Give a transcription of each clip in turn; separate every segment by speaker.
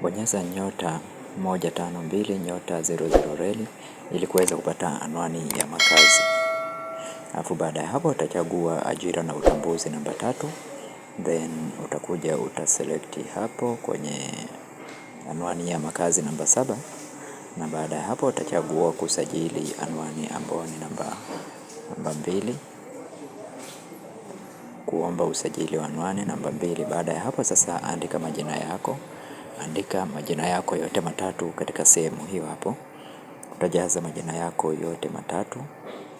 Speaker 1: bonyeza nyota moja tano mbili nyota zero zero reli ili kuweza kupata anwani ya makazi. Alafu baada ya hapo utachagua ajira na utambuzi namba tatu, then utakuja utaselekti hapo kwenye anwani ya makazi namba saba, na baada ya hapo utachagua kusajili anwani ambayo ni namba namba mbili kuomba usajili wa anwani namba mbili. Baada ya hapo sasa, andika majina yako andika majina yako yote matatu katika sehemu hiyo hapo. Utajaza majina yako yote matatu,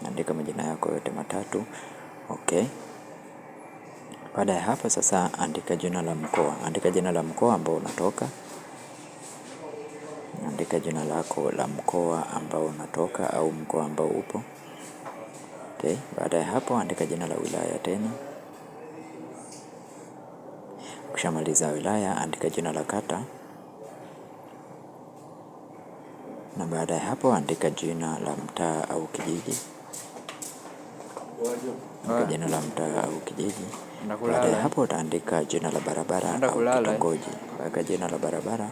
Speaker 1: andika majina yako yote matatu. Okay. Baada ya hapo sasa, andika jina la mkoa, andika jina la mkoa ambao unatoka, andika jina lako la mkoa ambao unatoka au mkoa ambao upo. Okay. Baada ya hapo andika jina la wilaya tena. Ukishamaliza wilaya, andika jina la kata, na baada ya hapo andika jina la mtaa au kijiji. Andika jina la mtaa au kijiji. Baada ya hapo utaandika jina la barabara au kitongoji. Weka jina la barabara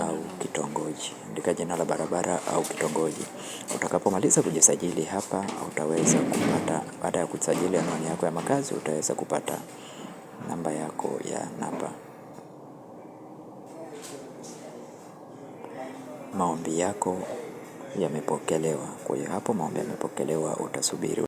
Speaker 1: au kitongoji, andika jina la barabara au kitongoji. Utakapomaliza kujisajili hapa, utaweza kupata, baada ya kusajili anwani yako ya makazi, utaweza kupata namba yako ya namba. Maombi yako yamepokelewa. Kwa hiyo hapo maombi yamepokelewa, utasubiri.